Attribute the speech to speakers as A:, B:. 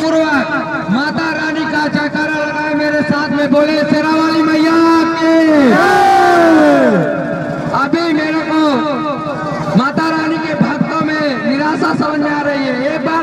A: पूर्वक माता रानी का जयकारा लगाए मेरे साथ में बोले शेरावाली मैया के अभी मेरे को माता रानी
B: के भक्तों में निराशा समझ में आ रही है ये बात